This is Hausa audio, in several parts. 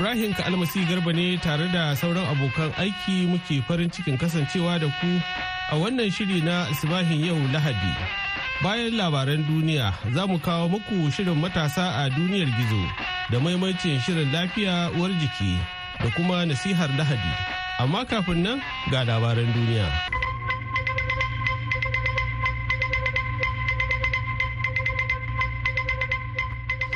Ibrahim Kalmasi Garba ne tare da sauran abokan aiki muke farin cikin kasancewa da ku a wannan shiri na Sibahin yau Lahadi. Bayan labaran duniya za mu kawo muku shirin matasa a duniyar gizo da maimacin shirin lafiya uwar jiki da kuma nasihar Lahadi. Amma kafin nan ga labaran duniya.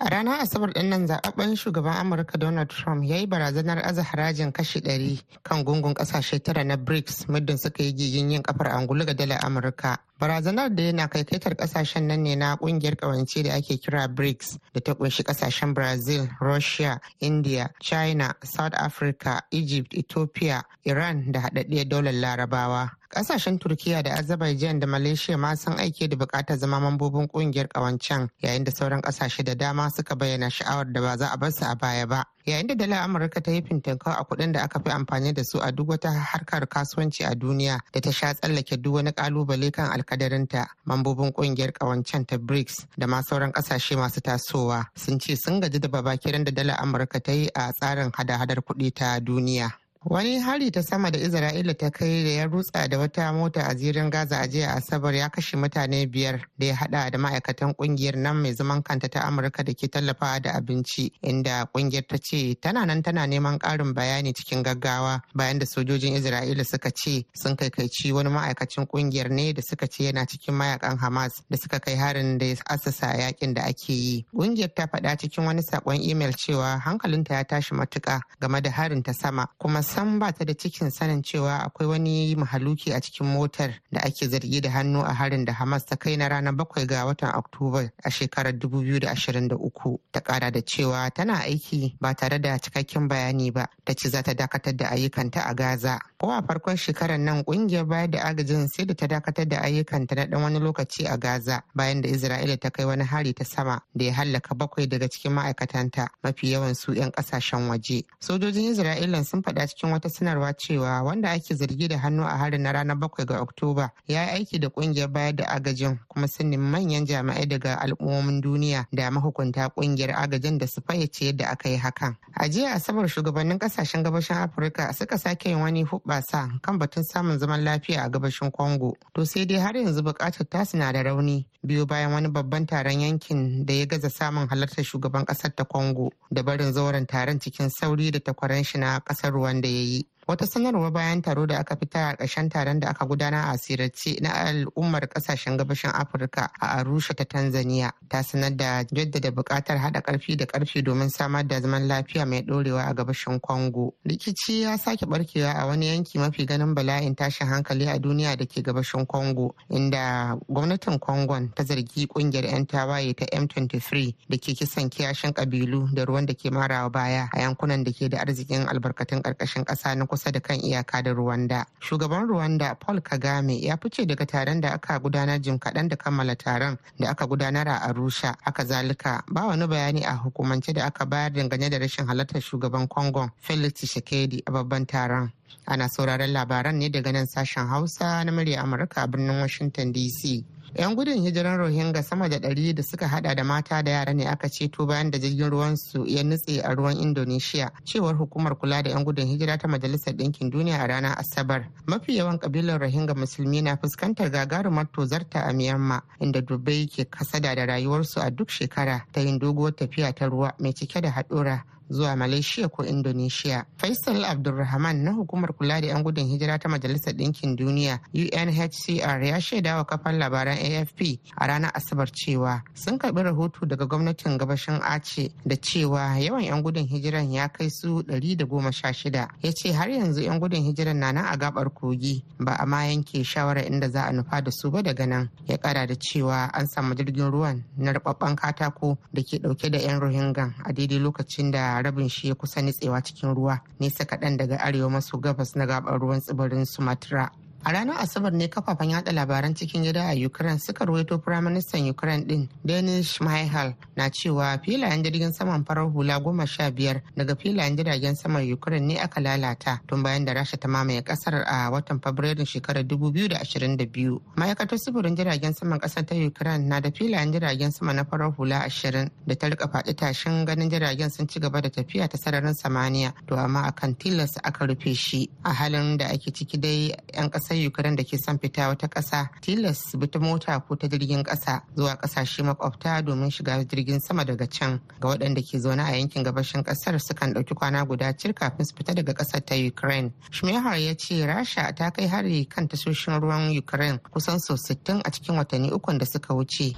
A ranar Asabar ɗin nan zababben shugaban Amurka Donald Trump ya yi barazanar aza harajin kashi ɗari kan gungun ƙasashe tara na BRICS muddin suka yi gigin yin kafar angulu ga dalar Amurka. Barazanar da yana kaikaitar ƙasashen nan ne na ƙungiyar ƙawance da ake kira BRICS da ta ƙunshi ƙasashen Brazil, Russia, India, China, South Africa, Egypt, Ethiopia, Iran da haɗaɗɗiyar daular Larabawa. Ƙasashen turkiya da azerbaijan da malaysia ma sun aike da buƙatar zama mambobin ƙungiyar ƙawancen, yayin da sauran ƙasashe da dama suka bayyana sha'awar da ba za a bar su a baya ba yayin da dalar amurka ta yi fintinkan a kuɗin da aka fi amfani da su a duk wata harkar kasuwanci a duniya da ta sha tsallake duk wani kalubale kan alkadarinta mambobin kungiyar kawancen ta brics da ma sauran kasashe masu tasowa sun ce sun gaji da babakiran da dalar amurka ta yi a tsarin hada-hadar kuɗi ta duniya Wani hari ta sama da Isra'ila ta kai da ya rutsa da wata mota a zirin Gaza a jiya Asabar ya kashe mutane biyar da ya hada da ma'aikatan kungiyar nan mai zaman kanta ta Amurka da ke tallafawa da abinci inda kungiyar ta ce tana nan tana neman karin bayani cikin gaggawa bayan da sojojin Isra'ila suka ce sun kai kaici wani ma'aikacin kungiyar ne da suka ce yana cikin mayakan Hamas da suka kai harin da ya assasa yakin da ake yi. Kungiyar ta faɗa cikin wani sakon imel cewa hankalinta ya tashi matuka game da harin ta sama kuma San ba ta da cikin sanin cewa akwai wani mahaluki a cikin motar da ake zargi da hannu a harin da Hamas ta kai na ranar bakwai ga watan Oktoba a shekarar 2023 ta kara da cewa tana aiki ba tare da cikakken bayani ba ta ce za ta dakatar da ayyukanta a Gaza Ko a farkon shekarar nan kungiyar bayar da agajin sai da ta dakatar da ayyukanta na dan wani lokaci a Gaza bayan da Isra'ila ta kai wani hari ta sama da ya hallaka bakwai daga cikin ma'aikatanta mafi yawan su 'yan kasashen waje. Sojojin Isra'ila sun faɗa cikin wata sanarwa cewa wanda ake zargi da hannu a harin na ranar bakwai ga Oktoba ya yi aiki da kungiyar bayar da agajin kuma sun nemi manyan jami'ai daga al'ummomin duniya da mahukunta kungiyar agajin da su fayyace yadda aka yi hakan. A jiya Asabar shugabannin kasashen gabashin Afirka suka sake yin wani sa kan batun samun zaman lafiya a gabashin Congo. To sai dai har yanzu buƙatar ta na da rauni biyu bayan wani babban taron yankin da ya gaza samun halartar shugaban ƙasar ta Congo da barin zauren taron cikin sauri da takwaran shi na ƙasar Rwanda ya yi. Wata sanarwa bayan taro da aka fita a ƙarshen taron da aka gudana a asirarce na al'ummar ƙasashen gabashin Afirka a Arusha ta Tanzania ta sanar da jaddada buƙatar haɗa ƙarfi da ƙarfi domin samar da zaman lafiya mai ɗorewa a gabashin Congo. Rikici ya sake barkewa a wani yanki mafi ganin bala'in tashin hankali a duniya da ke gabashin Congo inda gwamnatin Congon ta zargi ƙungiyar 'yan tawaye ta M23 da ke kisan kiyashin ƙabilu da ruwan da ke marawa baya a yankunan da ke da arzikin albarkatun ƙarƙashin ƙasa na kusa kusa da kan iyaka da ruwanda Shugaban ruwanda Paul Kagame ya fice daga taron da aka gudanar jim kaɗan da kammala taron da aka gudanar a Arusha. Aka zalika ba wani bayani a hukumance da aka bayar dangane da rashin halartar shugaban Congo Felix Tshisekedi a babban taron. Ana sauraron labaran ne daga nan sashen Hausa na murya Amurka a birnin Washington DC. 'Yan gudun hijiran Rohingya sama da ɗari da suka hada da mata da yara ne aka ceto bayan da jirgin ruwan su ya nutse a ruwan Indonesia, cewar hukumar kula da 'yan gudun hijira ta Majalisar Ɗinkin Duniya a ranar Asabar. Mafi yawan kabilar Rohingya musulmi na fuskantar gagarumar tozarta a Myanmar, inda Dubai ke kasada da rayuwarsu a duk shekara ta yin doguwar tafiya ta ruwa mai cike da haɗura zuwa malaysia ko indonesia faisal abdulrahman na hukumar kula da 'yan gudun hijira ta majalisar ɗinkin duniya unhcr ya shaida wa kafar labaran afp a ranar asabar cewa sun karɓi rahoto daga gwamnatin gabashin ace da cewa yawan 'yan gudun hijiran ya kai su da goma sha shida ya ce har yanzu 'yan gudun hijiran na nan a gabar kogi ba a ma yanke shawarar inda za a nufa da su ba daga nan ya kara da cewa an samu jirgin ruwan na rubabban katako da ke ɗauke da 'yan rohingya a daidai lokacin da rabin shi ya kusa nitsewa cikin ruwa nesa kaɗan daga arewa maso gabas na gabar ruwan tsibirin sumatra A ranar Asabar ne kafafen yada labaran cikin gida a Ukraine suka ruwaito Firaministan Ukraine din Denis Shmyhal na cewa filayen jirgin saman farar hula goma sha biyar daga filayen jiragen saman Ukraine ne aka lalata tun bayan da Rasha ta mamaye kasar a watan Fabrairun shekarar 2022. Ma'aikatar sufurin jiragen saman kasar ta Ukraine na da filayen jiragen sama na farar hula ashirin da ta rika faɗi tashin ganin jiragen sun ci gaba da tafiya ta sararin samaniya to amma akan tilas aka rufe shi a halin da ake ciki dai 'yan ƙasar kasar Ukraine da ke son fita wata kasa tilas bi ta mota ko ta jirgin kasa zuwa kasashe makwabta domin shiga jirgin sama daga can. Ga waɗanda ke zaune a yankin gabashin kasar sukan ɗauki kwana guda cir kafin su fita daga kasar ta Ukraine. Shmehar ya ce Rasha ta kai hari kan tasoshin ruwan Ukraine kusan sau 60 a cikin watanni ukun da suka wuce.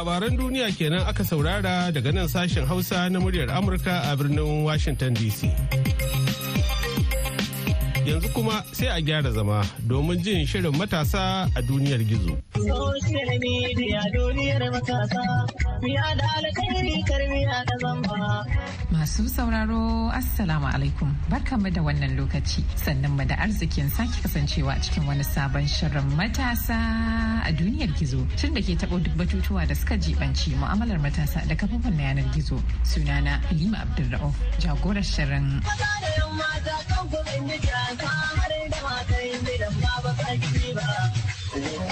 labaran duniya kenan aka saurara daga nan sashen hausa na muryar amurka a birnin washington dc yanzu kuma sai a gyara zama domin jin shirin matasa a duniyar gizo. Masu sauraro Assalamu alaikum barkanmu da wannan lokaci sannan mu da arzikin sake kasancewa cikin wani sabon shirin matasa a duniyar gizo tun da ke taɓo duk batutuwa da suka jibanci mu'amalar matasa da kafofin na yanar gizo sunana Halima Abdulra'uf jagorar shirin. har da matan gidan ba ba ka ba.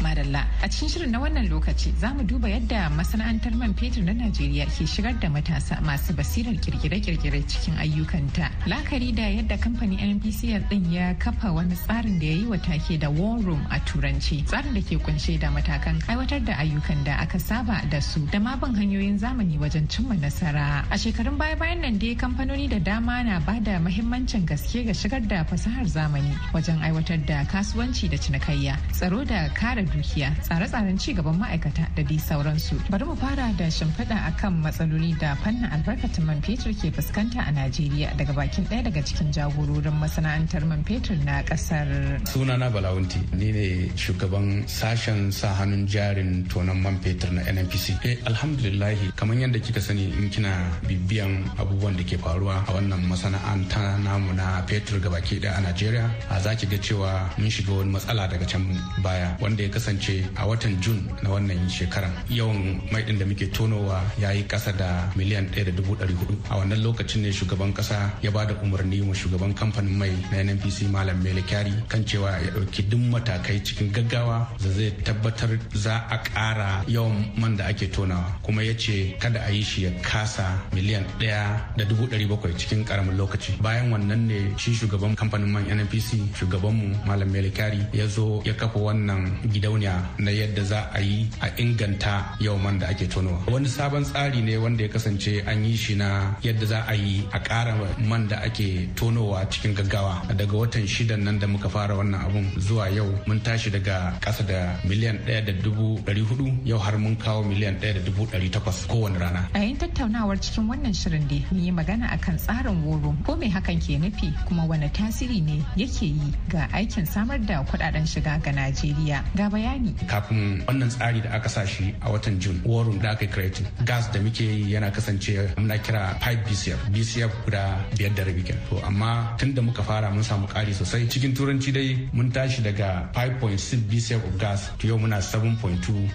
Madalla. A cikin shirin na wannan lokaci za mu duba yadda masana'antar man fetur na Najeriya ke shigar da matasa masu basirar kirkire-kirkire cikin ayyukanta. Lakari da yadda kamfani NPCL din ya kafa wani tsarin da ya yi wa take da War Room a Turanci. Tsarin da ke kunshe da matakan aiwatar da ayyukan da aka saba da su da ma bin hanyoyin zamani wajen cimma nasara. A shekarun baya-bayan nan dai kamfanoni da dama na ba da mahimmancin gaske ga shigar da fasahar zamani wajen aiwatar da kasuwanci da cinikayya, tsaro da kare dukiya tsare-tsaren ci gaban ma'aikata da dai sauransu bari mu fara da shimfiɗa a kan matsaloli da fannin albarkatun man fetur ke fuskanta a najeriya daga bakin ɗaya daga cikin jagororin masana'antar man fetur na ƙasar sunana balawunti ni ne shugaban sashen sa hannun jarin tonon man fetur na nnpc e eh, alhamdulillahi kamar yadda kika sani in kina bibiyan abubuwan da ke faruwa a wannan masana'anta namu na fetur gabaki ɗaya a najeriya a zaki ga cewa mun shiga wani matsala daga can baya wanda ya kasance a watan jun na wannan shekaran yawan mai din da muke tonowa ya yi kasa da miliyan 1.400 a wannan lokacin ne shugaban ƙasa ya ba da umarni wa shugaban kamfanin mai na nnpc malam mele kyari kan cewa ya ɗauki duk matakai cikin gaggawa da zai tabbatar za a ƙara yawan man da ake tonawa kuma ya ce kada a yi shi ya kasa miliyan ɗaya da dubu ɗari cikin ƙaramin lokaci bayan wannan ne shi shugaban kamfanin man nnpc shugabanmu malam mele kyari ya zo ya kafa wannan gida gidauniya na yadda za a yi a inganta yawan man da ake tonowa wani sabon tsari ne wanda ya kasance an yi shi na yadda za a yi a ƙara man da ake tonowa cikin gaggawa daga watan shidan nan da muka fara wannan abun zuwa yau mun tashi daga ƙasa da miliyan ɗaya da dubu ɗari hudu yau har mun kawo miliyan ɗaya da dubu ɗari takwas kowane rana a yayin tattaunawar cikin wannan shirin dai mun yi magana akan tsarin woro ko me hakan ke nufi kuma wani tasiri ne yake yi ga aikin samar da kuɗaɗen shiga ga najeriya ga bayani kafin wannan tsari da aka sashi a watan jun warun da aka creating gas da muke yi yana kasance muna kira 5 bcf bcf guda biyar da rabi to amma tun da muka fara mun samu kari sosai cikin turanci dai mun tashi daga 5.6 bcf of gas to yau muna 7.2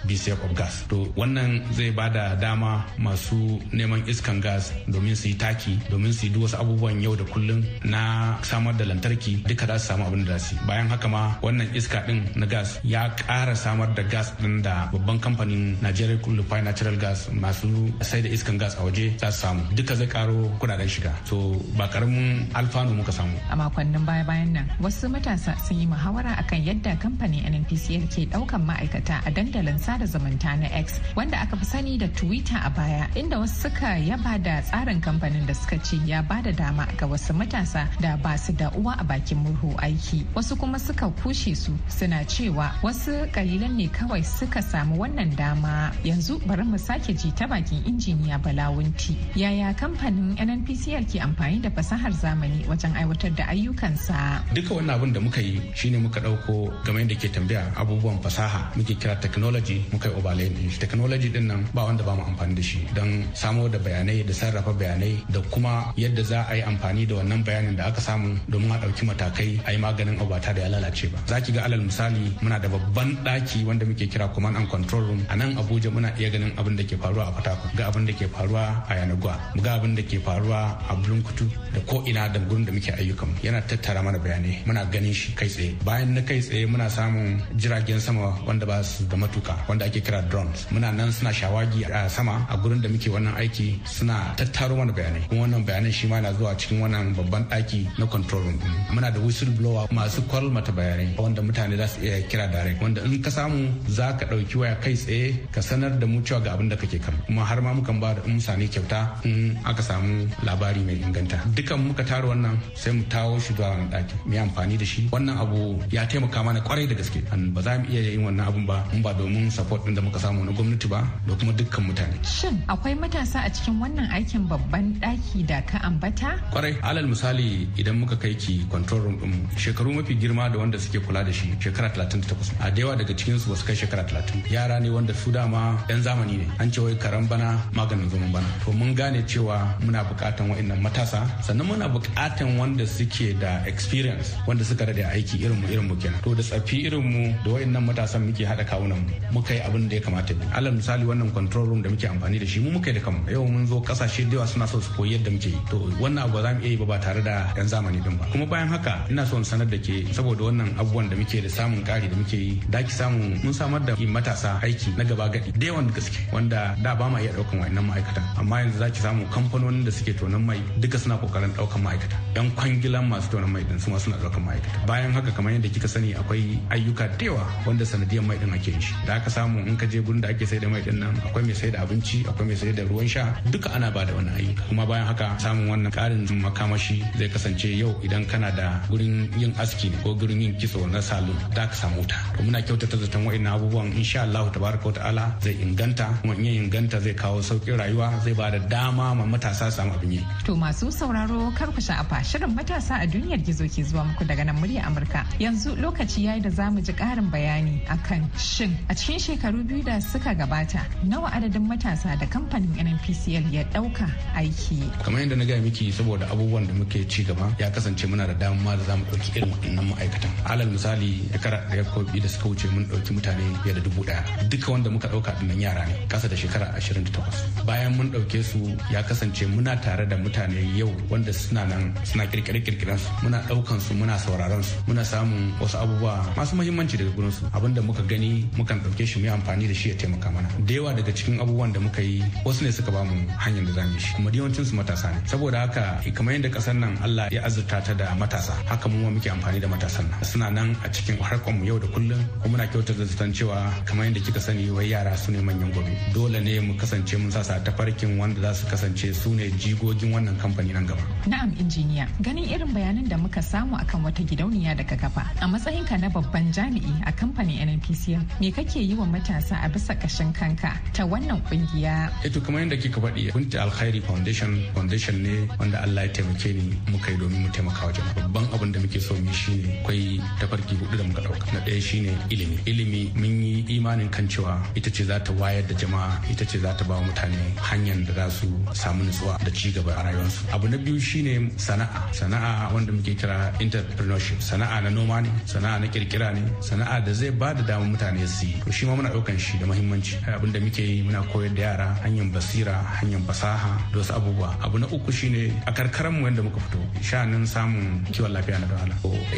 bcf of gas to wannan zai ba da dama masu neman iskan gas domin su yi taki domin su yi wasu abubuwan yau da kullum na samar da lantarki duka za su samu abin da su bayan haka ma wannan iska din na gas ya kara samar da gas din da babban kamfanin Nigeria Liquid Natural Gas masu sai da iskan gas a waje za su samu duka zai karo kudaden shiga to ba karamin alfanu muka samu a makonnin baya bayan nan wasu matasa sun yi muhawara akan yadda kamfanin NNPCL ke daukan ma'aikata a dandalin sada zumunta na X wanda aka fi sani da Twitter a baya inda wasu suka yaba da tsarin kamfanin da suka ce ya ba da dama ga wasu matasa da ba su da uwa a bakin murhu aiki wasu kuma suka kushe su suna cewa wasu kasar kalilan ne kawai suka samu wannan dama yanzu bari mu sake ji ta bakin injiniya balawunti yaya kamfanin nnpcl ke amfani da fasahar zamani wajen aiwatar da ayyukansa duka wannan abin da muka yi shine muka dauko game da ke tambaya abubuwan fasaha muke kira technology muka yi obalai technology din nan ba wanda ba mu amfani da shi don samo da bayanai da sarrafa bayanai da kuma yadda za a yi amfani da wannan bayanin da aka samu domin a ɗauki matakai a yi maganin obata da ya lalace ba za ki ga alal misali muna da babban wani ɗaki wanda muke kira command and control room a nan abuja muna iya ganin abin da ke faruwa a fatakun ga abin da ke faruwa a yanagwa ga abin da ke faruwa a bulunkutu da ko ina da gurin da muke ayyukan yana tattara mana bayanai muna ganin shi kai tsaye bayan na kai tsaye muna samun jiragen sama wanda ba su da matuka wanda ake kira drones muna nan suna shawagi a sama a gurin da muke wannan aiki suna tattaro mana bayanai kuma wannan bayanan shi ma na zuwa cikin wannan babban ɗaki na control room muna da whistleblower masu kwalmata bayanai wanda mutane za su iya kira direct wanda in ka samu za ka ɗauki waya kai tsaye ka sanar da mu cewa ga abin da kake kan kuma har ma mukan ba da mutane kyauta in aka samu labari mai inganta dukan muka tara wannan sai mu tawo shi zuwa wani ɗaki mu amfani da shi wannan abu ya taimaka mana kwarai da gaske ba za mu iya yin wannan abun ba in ba domin support din da muka samu na gwamnati ba da kuma dukkan mutane shin akwai matasa a cikin wannan aikin babban ɗaki da ka ambata kwarai alal misali idan muka kai ki control room din shekaru mafi girma da wanda suke kula da shi shekara 38 a da yawa yawa daga cikinsu ba su kai shekara talatin yara ne wanda su dama yan zamani ne an ce wai karan bana maganin zaman bana to mun gane cewa muna bukatan wa'annan matasa sannan muna bukatan wanda suke da experience wanda suka da aiki irin mu irin mu kenan to da tsafi irin mu da wa'annan matasan muke hada kawunan mu muka yi abin da ya kamata bi alal misali wannan control room da muke amfani da shi mu muka yi da kanmu yau mun zo kasashe da yawa suna so su koyi yadda muke yi to wannan abu za mu iya yi ba ba tare da yan zamani din ba kuma bayan haka ina so in sanar da ke saboda wannan abubuwan da muke da samun kari da muke yi da samu mun samar da matasa aiki na gaba gadi da yawan gaske wanda da ba ma iya daukan wayannan ma'aikata amma yanzu za ki samu kamfanonin da suke tonon mai duka suna kokarin daukan ma'aikata yan kwangilan masu tonon mai din su ma suna daukan ma'aikata bayan haka kamar yadda kika sani akwai ayyuka da yawa wanda sanadiyan mai din ake yin shi da aka samu in ka je gurin da ake sai da mai din nan akwai mai sai da abinci akwai mai sai da ruwan sha duka ana ba da wannan ayyuka kuma bayan haka samun wannan karin makamashi zai kasance yau idan kana da gurin yin aski ko gurin yin kitso na salon da ka samu ta to muna kyautata zaton wa'annan abubuwan insha Allah tabaraka ta'ala zai inganta kuma in inganta zai kawo sauƙin rayuwa zai ba da dama ma matasa samu abin yi to masu sauraro kar ku sha'afa shirin matasa a duniyar gizo ke zuwa muku daga nan murya Amurka yanzu lokaci yayi da zamu ji ƙarin bayani akan shin a cikin shekaru biyu da suka gabata nawa adadin matasa da kamfanin NNPCL ya ɗauka aiki kamar yadda na gaya miki saboda abubuwan da muke ci gaba ya kasance muna da dama da zamu ɗauki irin waɗannan ma'aikatan alal misali shekara da ya da suka wuce mun ɗauki mutane fiye da dubu ɗaya duka wanda muka ɗauka ɗinnan yara ne kasa da shekara ashirin da takwas bayan mun ɗauke su ya kasance muna tare da mutane yau wanda suna nan suna kirkire-kirkiren su muna ɗaukan su muna sauraron su muna samun wasu abubuwa masu muhimmanci daga gurin su abinda muka gani mukan ɗauke shi mu yi amfani da shi ya taimaka mana da yawa daga cikin abubuwan da muka yi wasu ne suka ba mu hanyar da za mu shi kuma yawancin su matasa ne saboda haka kamar yadda ƙasar nan Allah ya azurta ta da matasa haka mu muke amfani da matasan nan suna nan a cikin harkar mu yau da kullum kuma muna kyautar da zaton cewa kamar yadda kika sani wai yara su ne manyan gobe dole ne mu kasance mun sasa tafarkin wanda za su kasance su ne jigogin wannan kamfani nan gaba na'am injiniya ganin irin bayanan da muka samu akan wata gidauniya da ka kafa a ka na babban jami'i a kamfanin nnpcl me kake yi wa matasa a bisa kashin kanka ta wannan kungiya eto eh kamar yadda kika faɗi kunta alkhairi foundation foundation ne wanda allah ya taimake ni muka yi domin mu taimaka wa jama'a babban abin da muke so mu shine ta tafarki hudu da muka ɗauka na ɗaya shine ilimi ilimi mun yi imanin kan cewa ita ce za ta wayar da jama'a ita ce za ta ba mutane hanyar da za su samu nutsuwa da ci gaba a rayuwarsu abu na biyu shine sana'a sana'a wanda muke kira entrepreneurship sana'a na noma ne sana'a na kirkira ne sana'a da zai ba da damar mutane su yi to shi ma muna ɗaukan shi da muhimmanci abin da muke yi muna koyar da yara hanyar basira hanyar fasaha da wasu abubuwa abu na uku shine a karkaran mu yanda muka fito sha'anin samun kiwon lafiya na da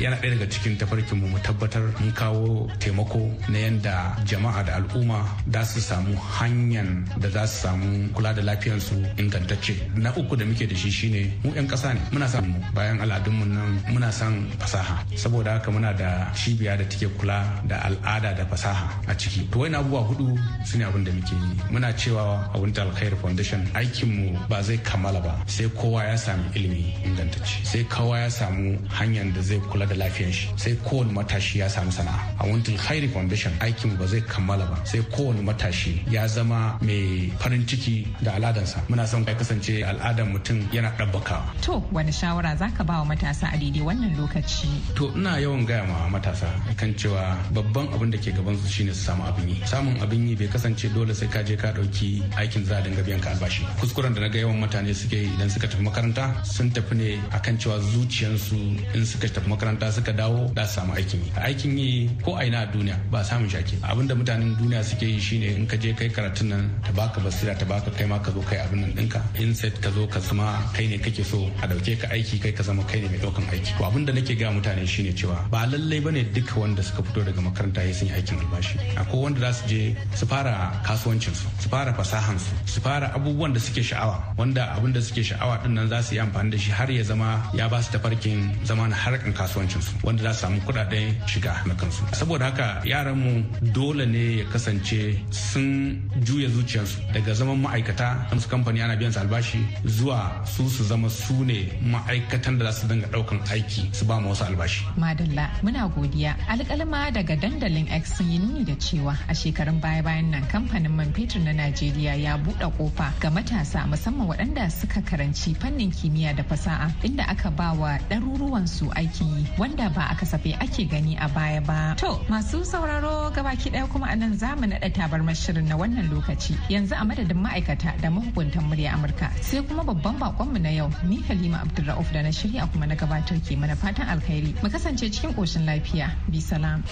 yana ɗaya daga cikin tafarkin mu mu tabbatar mun kawo taimako na yadda jama'a da al'umma da su samu hanyar da za su samu kula da lafiyarsu ingantacce na uku da muke da shi shine mu 'yan ƙasa ne muna san bayan al'adunmu nan muna san fasaha saboda haka muna da cibiya da take kula da al'ada da fasaha a ciki to wani abubuwa hudu su ne abin da muke yi muna cewa a wunta alkhair foundation aikinmu ba zai kammala ba sai kowa ya samu ilimi ingantacce sai kowa ya samu hanyar da zai kula da lafiyar shi sai kowane matashi ya samu sana'a a winter Khairi Foundation aikin ba zai kammala ba sai kowane matashi ya zama mai farin ciki da al'adansa. Muna son kai kasance al'adan mutum yana ɗabbakawa. To wani shawara za ka ba wa matasa a daidai wannan lokaci? To ina yawan gaya ma matasa kan cewa babban abin da ke gaban su shine su samu abin yi. Samun abin yi bai kasance dole sai ka je ka ɗauki aikin za a dinga biyan ka albashi. Kuskuren da na ga yawan mutane suke yi idan suka tafi makaranta sun tafi ne akan cewa zuciyansu in suka tafi makaranta suka dawo da su samu aikin yi. Aikin yi ko a ina a duniya ba samun shaki abinda mutanen duniya suke yi shine in ka je kai karatun nan ta baka basira ta baka kai ma ka zo kai abin nan ɗinka inset ka zo ka zama kai ne kake so a dauke ka aiki kai ka zama kai ne mai daukan aiki to abinda nake ga mutane shine cewa ba lallai bane duka wanda suka fito daga makaranta ya sun yi aikin albashi akwai wanda za su je su fara kasuwancin su su fara fasahan su su fara abubuwan da suke sha'awa wanda abin da suke sha'awa din nan za su yi amfani da shi har ya zama ya ba su tafarkin zama na harkan kasuwancin su wanda za su samu kuɗaɗen shiga na kansu saboda haka yaranmu dole ne ya kasance sun juya zuciyarsu daga zaman ma'aikata musu kamfani ana biyan su albashi zuwa su su zama su ne ma'aikatan da za su dinga daukan aiki su ba mu wasu albashi. Madalla muna godiya alkalma daga dandalin X sun yi nuni da cewa a shekarun baya-bayan nan kamfanin man fetur na Najeriya ya buɗe kofa ga matasa musamman waɗanda suka karanci fannin kimiyya da fasaha inda aka ba wa ɗaruruwansu aiki wanda ba a kasafe ake gani a baya ba. Masu sauraro gabaki daya kuma anan za mu naɗa tabarmar shirin na wannan lokaci yanzu a madadin ma'aikata da mahukuntan murya Amurka sai kuma babban bakonmu na yau ni Halima Abdulra'uf da na shirya kuma na gabatar ke mana fatan alkhairi mu kasance cikin koshin lafiya bi salam.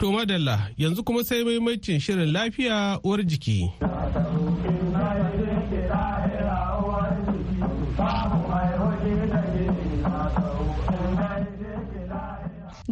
To madalla yanzu kuma sai maimacin shirin lafiya uwar jiki.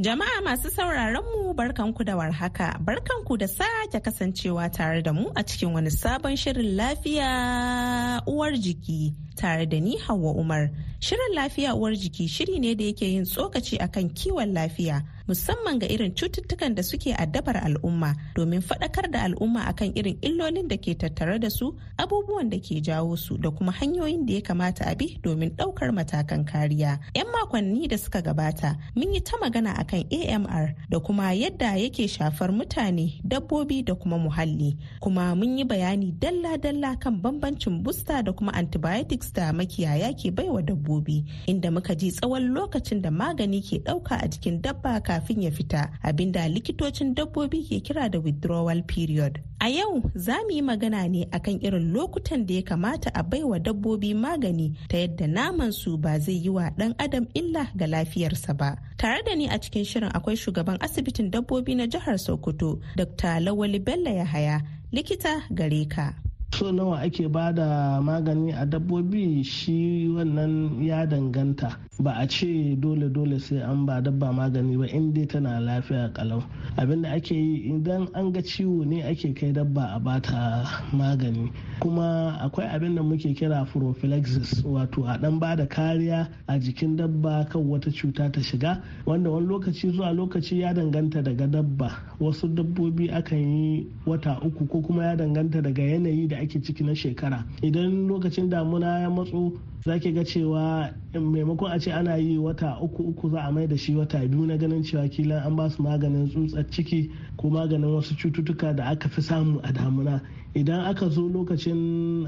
Jama'a masu sauraron mu barkanku da warhaka, barkanku da sake kasancewa tare da mu a cikin wani sabon shirin lafiya uwar jiki tare da ni Hauwa Umar. Shirin lafiya uwar jiki shiri ne da yake yin tsokaci akan kiwon lafiya. musamman ga irin cututtukan da suke addabar al'umma domin faɗakar da al'umma akan irin illolin da ke tattare da su abubuwan da ke jawo su da kuma hanyoyin da ya kamata a bi domin ɗaukar matakan kariya. 'Yan makonni da suka gabata mun yi ta magana akan AMR da kuma yadda yake shafar mutane, dabbobi da kuma muhalli. Kuma mun yi bayani dalla-dalla kan bambancin busta da kuma antibiotics da makiyaya ke baiwa dabbobi inda muka ji tsawon lokacin da magani ke ɗauka a jikin dabba kafin ya fita abinda likitocin dabbobi ke kira da withdrawal period. A yau za mu yi magana ne akan irin lokutan da ya kamata a baiwa dabbobi magani ta yadda naman su ba zai yi wa ɗan adam illa ga lafiyarsa ba. Tare da ni a cikin shirin akwai shugaban asibitin dabbobi na jihar Sokoto, Dr. Lawali Bello Yahaya, likita gare ka. so nawa ake ba da magani a dabbobi shi wannan ya danganta ba a ce dole-dole sai an ba dabba magani ba in dai tana lafiya kalau abinda ake yi idan an ga ciwo ne ake kai dabba a bata magani kuma akwai abin da muke kira prophylaxis wato a dan ba da kariya a jikin dabba kan wata cuta ta shiga wanda wani lokaci zuwa lokaci ya danganta daga dabba wasu dabbobi akan yi wata uku ko kuma ya danganta daga yanayi da ake ciki na shekara idan lokacin damuna ya matsu za ga cewa maimakon a ce ana yi wata uku uku za a mai da shi wata biyu na ganin cewa kila an ba su maganin tsutsar ciki ko maganin wasu cututtuka da aka fi samu a damuna idan aka zo lokacin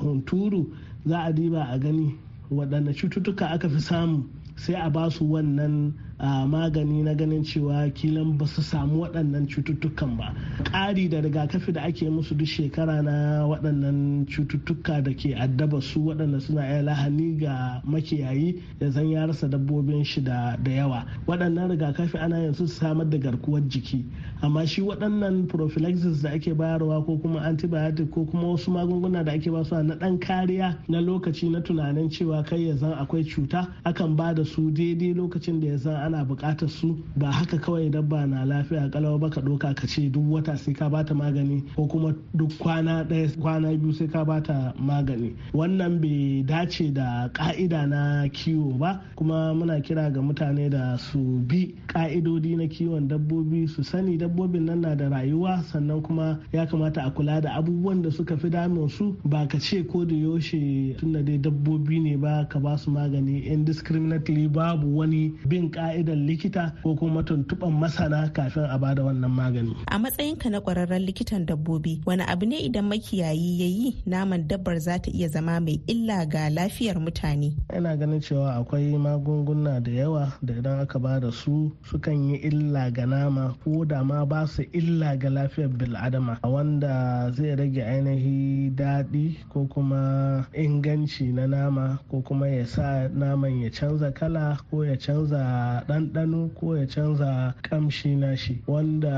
hunturu za a diba a gani waɗanne cututtuka aka fi samu sai a ba su wannan magani na ganin cewa kilan ba su samu waɗannan cututtukan ba ƙari da rigakafi da ake musu duk shekara na waɗannan cututtuka da ke addaba su waɗanda suna iya lahani ga makiyayi da zan ya rasa dabbobin shi da yawa waɗannan rigakafi ana yanzu samar da garkuwar jiki amma shi waɗannan prophylaxis da ake bayarwa ko kuma antibiotic ko kuma wasu magunguna da ake basu na ɗan kariya na lokaci na tunanin cewa kai ya zan akwai cuta akan ba da su daidai lokacin da ya zan ana bukatar su ba haka kawai dabba na lafiya kalawa ba ka doka ka ce duk wata sai ka bata magani ko kuma duk kwana daya kwana biyu sai ka bata magani wannan bai dace da ka'ida na kiwo ba kuma muna kira ga mutane da su bi ka'idodi na kiwon dabbobi su sani dabbobin nan na da rayuwa sannan kuma ya kamata a kula da abubuwan da suka fi damun su ba ka ce ko da yaushe tunda dai dabbobi ne ba ka ba su magani indiscriminately babu wani bin ka'idar likita ko kuma tuntuɓan masana kafin a bada wannan magani. A matsayin ka na kwararren likitan dabbobi wani abu ne idan makiyayi ya yi naman dabbar za ta iya zama mai illa ga lafiyar mutane. Ina ganin cewa akwai magunguna da yawa da idan aka ba da su sukan yi illa ga nama ko da ma ba su illa ga lafiyar bil'adama a wanda zai rage ainihi daɗi ko kuma inganci na nama ko kuma ya sa naman ya canza kala ko ya canza ɗanɗano ko ya canza kamshi nashi wanda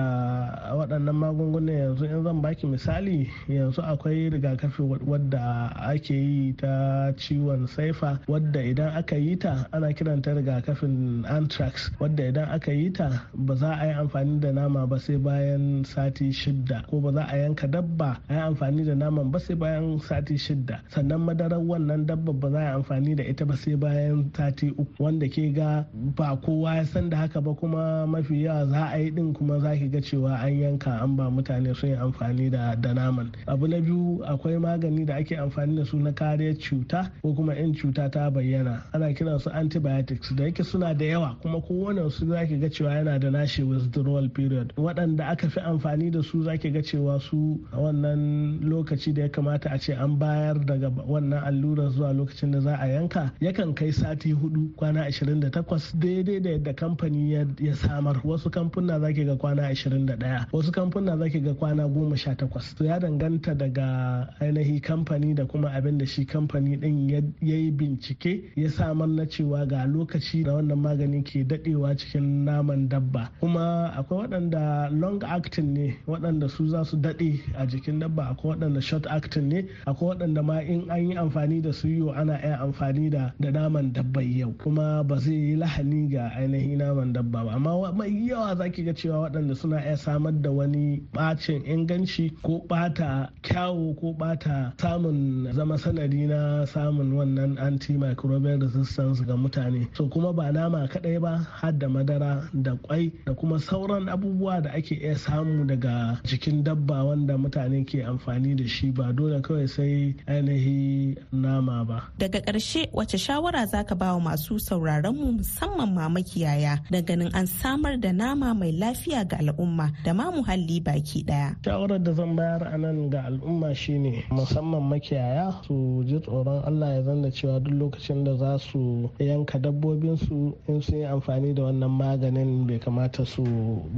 waɗannan magungunan yanzu in zan baki misali yanzu akwai rigakafi wadda ake yi ta ciwon saifa wadda idan aka yi ta ana kiranta rigakafin anthrax wadda idan aka yi ta ba za a yi amfani da nama ba sai bayan sati shidda ko ba za a yanka dabba a yi amfani da nama ba sai bayan sati shidda sannan madarar wannan dabba ba za a yi amfani da ita ba sai bayan sati uku wanda ke ga ba ko kowa ya san da haka ba kuma mafi yawa za a yi din kuma za ki ga cewa an yanka an ba mutane sun yi amfani da da naman abu na biyu akwai magani da ake amfani da su na kariyar cuta ko kuma in cuta ta bayyana ana kiran su antibiotics da yake suna da yawa kuma kowane su za ki ga cewa yana da nashi withdrawal period waɗanda aka fi amfani da su za ki ga cewa su a wannan lokaci da ya kamata a ce an bayar daga wannan allurar zuwa lokacin da za a yanka yakan kai sati hudu kwana 28 daidai da da yadda kamfani ya samar wasu kamfuna zaki ga kwana 21 wasu kamfuna zaki ga kwana 18 to ya danganta daga ainihi kamfani da kuma abin da shi kamfani din ya yi bincike ya samar na cewa ga lokaci da wannan magani ke dadewa cikin naman dabba kuma akwai waɗanda long acting ne waɗanda su za su dade a jikin dabba akwai waɗanda short acting ne akwai waɗanda ma in an yi amfani da su yiwo ana iya amfani da naman dabbai yau kuma ba zai yi lahani ga ainihin naman dabba ba amma mai yawa za ki ga cewa waɗanda suna iya samar da wani ɓacin inganci ko ɓata kyawu ko ɓata samun zama sanadi na samun wannan antimicrobial resistance ga mutane so kuma ba nama kaɗai ba har da madara da kwai da kuma sauran abubuwa da ake iya samu daga jikin dabba wanda mutane ke amfani da shi ba dole kawai sai ainihi nama ba daga ƙarshe wace shawara za ka ba wa masu sauraron mu musamman mamaki makiyaya da ganin an samar da nama mai lafiya ga al'umma da ma muhalli baki daya. Shawarar da zan bayar a nan ga al'umma shine musamman makiyaya su ji tsoron Allah ya da cewa duk lokacin da za su yanka dabbobin su in sun yi amfani da wannan maganin bai kamata su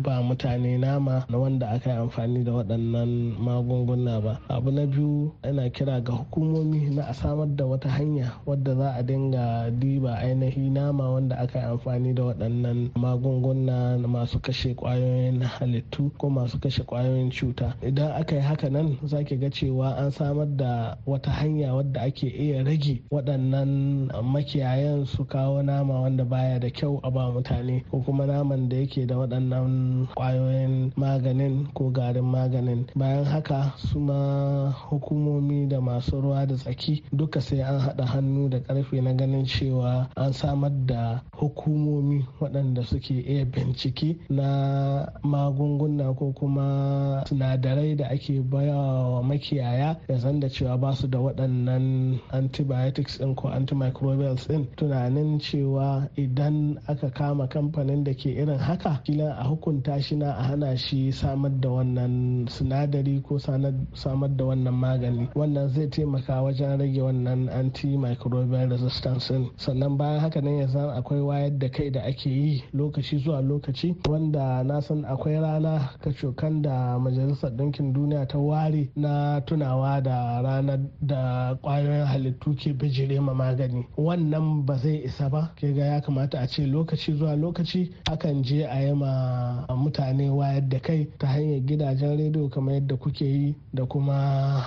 ba mutane nama na wanda aka yi amfani da waɗannan magunguna ba. Abu na biyu ana kira ga hukumomi na a samar da wata hanya wadda za a dinga diba ainihi nama wanda aka yi amfani amfani da waɗannan magunguna masu kashe ƙwayoyin halittu ko masu kashe ƙwayoyin cuta idan aka yi haka nan za ki ga cewa an samar da wata hanya wadda ake iya rage waɗannan makiyayan su kawo nama wanda baya da kyau a ba mutane ko kuma naman da yake da waɗannan ƙwayoyin maganin ko garin maganin bayan haka su ma hukumomi da masu ruwa da tsaki duka sai an haɗa hannu da ƙarfe na ganin cewa an samar da hukumomi hukumomi waɗanda suke iya bincike na magunguna ko kuma sinadarai da ake bayawa makiyaya ya zan da cewa ba su da waɗannan antibiotics ɗin ko antimicrobials ɗin tunanin cewa idan aka kama kamfanin da ke irin haka kila a hukunta shi na a hana shi samar da wannan sinadari ko samar da wannan magani wannan zai taimaka wajen rage wannan antimicrobial resistance sannan bayan haka nan ya zan akwai wayar da kai da ake yi lokaci zuwa lokaci wanda na san akwai rana cokan da majalisar ɗinkin duniya ta ware na tunawa da ranar da kwayoyin halittu ke bijire ma magani wannan ba zai isa ba ke ga ya kamata a ce lokaci zuwa lokaci akan je a yi ma mutane wayar da kai ta hanyar gidajen rediyo kamar yadda kuke yi da kuma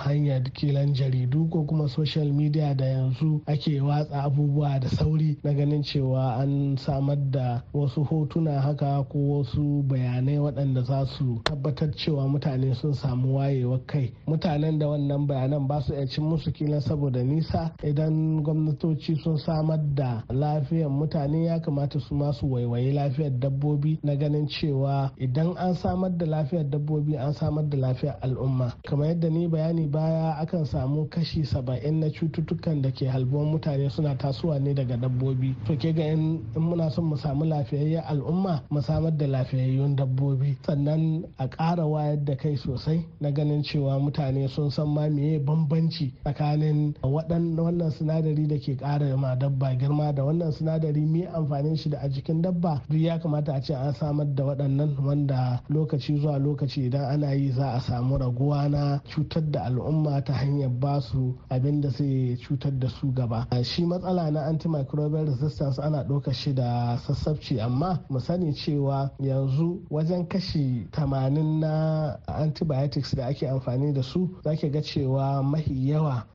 hanyar kilan jaridu ko kuma social media da yanzu ake watsa abubuwa da sauri na ganin cewa an samar samar da wasu hotuna haka ko wasu bayanai waɗanda za su tabbatar cewa mutane sun samu wayewa kai mutanen da wannan bayanan ba su iya musu kila saboda nisa idan gwamnatoci sun samar da lafiyar mutane ya kamata su masu waiwaye lafiyar dabbobi na ganin cewa idan an samar da lafiyar dabbobi an samar da lafiyar al'umma kamar yadda ni bayani baya akan samu kashi saba'in na cututtukan da ke halbuwan mutane suna tasowa ne daga dabbobi to ke ga in muna son mu samu lafiyayyen al'umma mu samar da lafiyayyun dabbobi sannan a ƙara wayar da kai sosai na ganin cewa mutane sun san ma meye bambanci tsakanin wannan sinadari da ke ƙara ma dabba girma da wannan sinadari me amfanin shi da a jikin dabba duk ya kamata a ce an samar da waɗannan wanda lokaci zuwa lokaci idan ana yi za a samu raguwa na cutar da al'umma ta hanyar basu abin da zai cutar da su gaba shi matsala na antimicrobial resistance ana ɗaukar shi da sassabci amma mu sani cewa yanzu wajen kashi 80 na antibiotics da ake amfani da su zaki ga cewa mahi yawa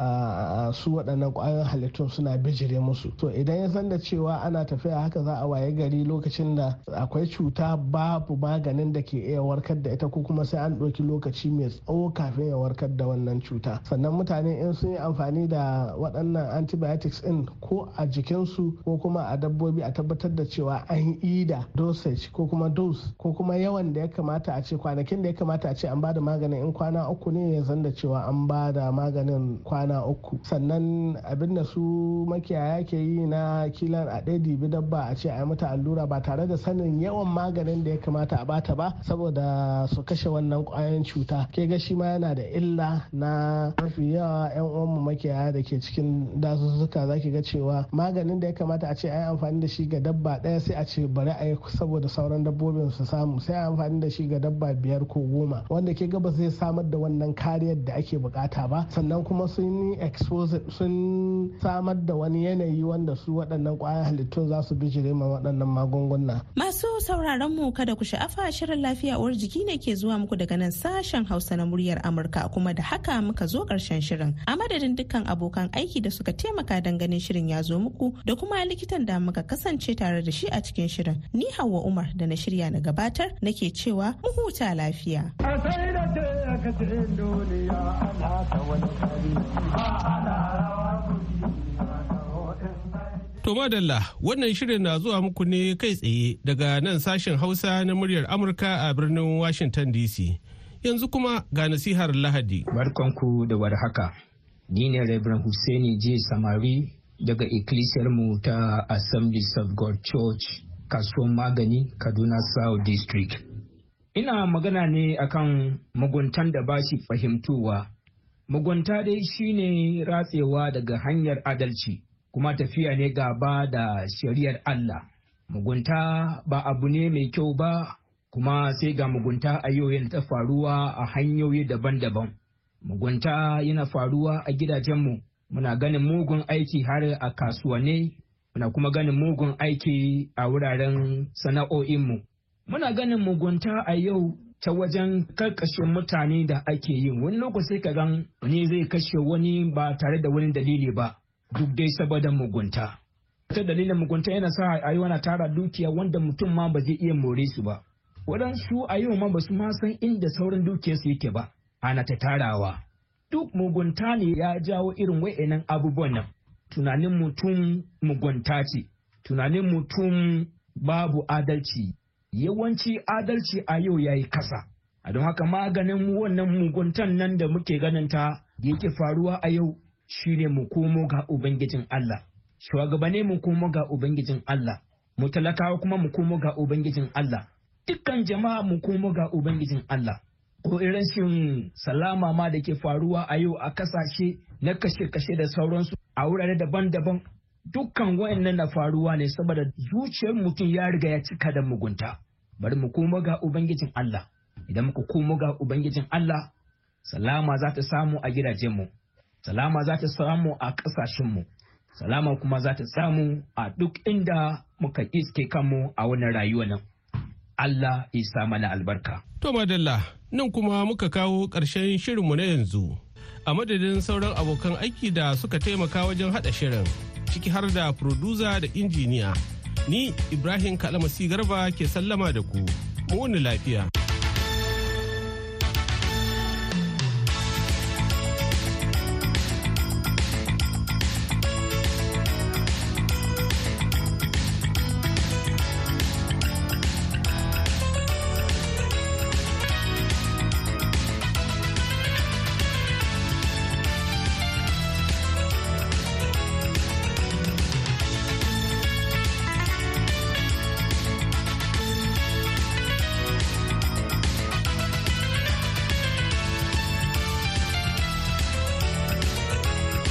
su waɗannan ƙwayoyin halittun suna bijire musu to idan ya san da cewa ana tafiya haka za a waye gari lokacin da akwai cuta babu maganin da ke iya warkar da ita ko kuma sai an ɗauki lokaci mai tsawo kafin ya warkar da wannan cuta sannan mutane in sun yi amfani da waɗannan antibiotics ɗin ko a jikinsu ko kuma a dabbobi a tabbatar da cewa an ida dosage ko kuma dose ko kuma yawan da ya kamata a ce kwanakin da ya kamata a ce an bada maganin in kwana uku ne ya zanda cewa an ba da maganin kwana uku sannan abin da su makiyaya ke yi na kilan a ɗaya dibi dabba a ce a yi mata allura ba tare da sanin yawan maganin da ya kamata a bata ba saboda su kashe wannan kwayan cuta ke ga shi ma yana da illa na mafi yawa yan uwanmu makiyaya da ke cikin dazuzzuka zaki ga cewa maganin da ya kamata a ce a yi amfani da shi ga dabba dabba ɗaya sai a ce bari a yi saboda sauran dabbobin su samu sai a amfani da shi ga dabba biyar ko goma wanda ke gaba zai samar da wannan kariyar da ake bukata ba sannan kuma sun yi expose sun samar da wani yanayi wanda su waɗannan ƙwayar halittun za su bijire ma waɗannan magunguna. Masu sauraron mu kada ku sha'afa shirin lafiya uwar jiki ne ke zuwa muku daga nan sashen Hausa na muryar Amurka kuma da haka muka zo karshen shirin. A madadin dukkan abokan aiki da suka taimaka don ganin shirin ya zo muku da kuma likitan da muka kasance tare tattauna da shi a cikin shirin ni hawa umar da na shirya na gabatar nake cewa mu huta lafiya To madalla wannan shirin na zuwa muku ne kai tsaye daga nan sashen hausa na muryar amurka a birnin washington dc yanzu kuma ga nasihar lahadi barkonku da warhaka ni ne Reverend Hussaini J. Samari daga mu ta Assemblies of God Church kasuwan magani Kaduna South District. Ina magana ne akan muguntan da ba shi fahimtowa. Mugunta dai shine ratsewa daga hanyar adalci kuma tafiya ne gaba da shari'ar Allah. Mugunta ba abu ne mai kyau ba kuma sai ga mugunta a yana ta faruwa a hanyoyi daban-daban. Mugunta yana faruwa a gidajenmu. muna ganin mugun aiki har a kasuwanni muna kuma ganin mugun aiki a wuraren sana'o'inmu muna ganin mugunta a yau ta wajen karkashe mutane da ake yi wani lokaci ka gan ne zai kashe wani ba tare da wani dalili ba duk dai saboda mugunta ta dalilin mugunta yana sa a yi wana tara dukiya wanda mutum ma ba zai iya more su ba waɗansu a yau ma ba su ma san inda sauran dukiyarsu yake ba ana ta tarawa duk mugunta ne ya jawo irin wa'inan abubuwan nan tunanin mutum mugunta ce tunanin mutum babu adalci yawanci adalci a yau ya yi kasa a don haka maganin wannan muguntan nan da muke ganin ta yake faruwa a yau shine mu komo ga ubangijin Allah shugabanni mu komo ga ubangijin Allah mu talakawa kuma mu komo ga ubangijin Allah dukkan jama'a mu komo ga ubangijin Allah ko irin shin salama ma da ke faruwa a yau a kasashe na kashe-kashe da sauransu a wurare daban-daban dukkan wayannan na faruwa ne saboda zuciyar mutum ya riga ya cika da mugunta bari mu koma ga ubangijin Allah idan muka koma ga ubangijin Allah salama za ta samu a gidajenmu salama za ta samu a mu salama kuma za ta samu a duk inda muka iske kanmu a wannan rayuwa nan Allah isa mana albarka. To madalla nan kuma muka kawo ƙarshen shirinmu na yanzu. A madadin sauran abokan aiki da suka taimaka wajen haɗa shirin ciki har da furduza da injiniya. Ni Ibrahim Kalamasi Garba ke sallama da ku. Mu lafiya.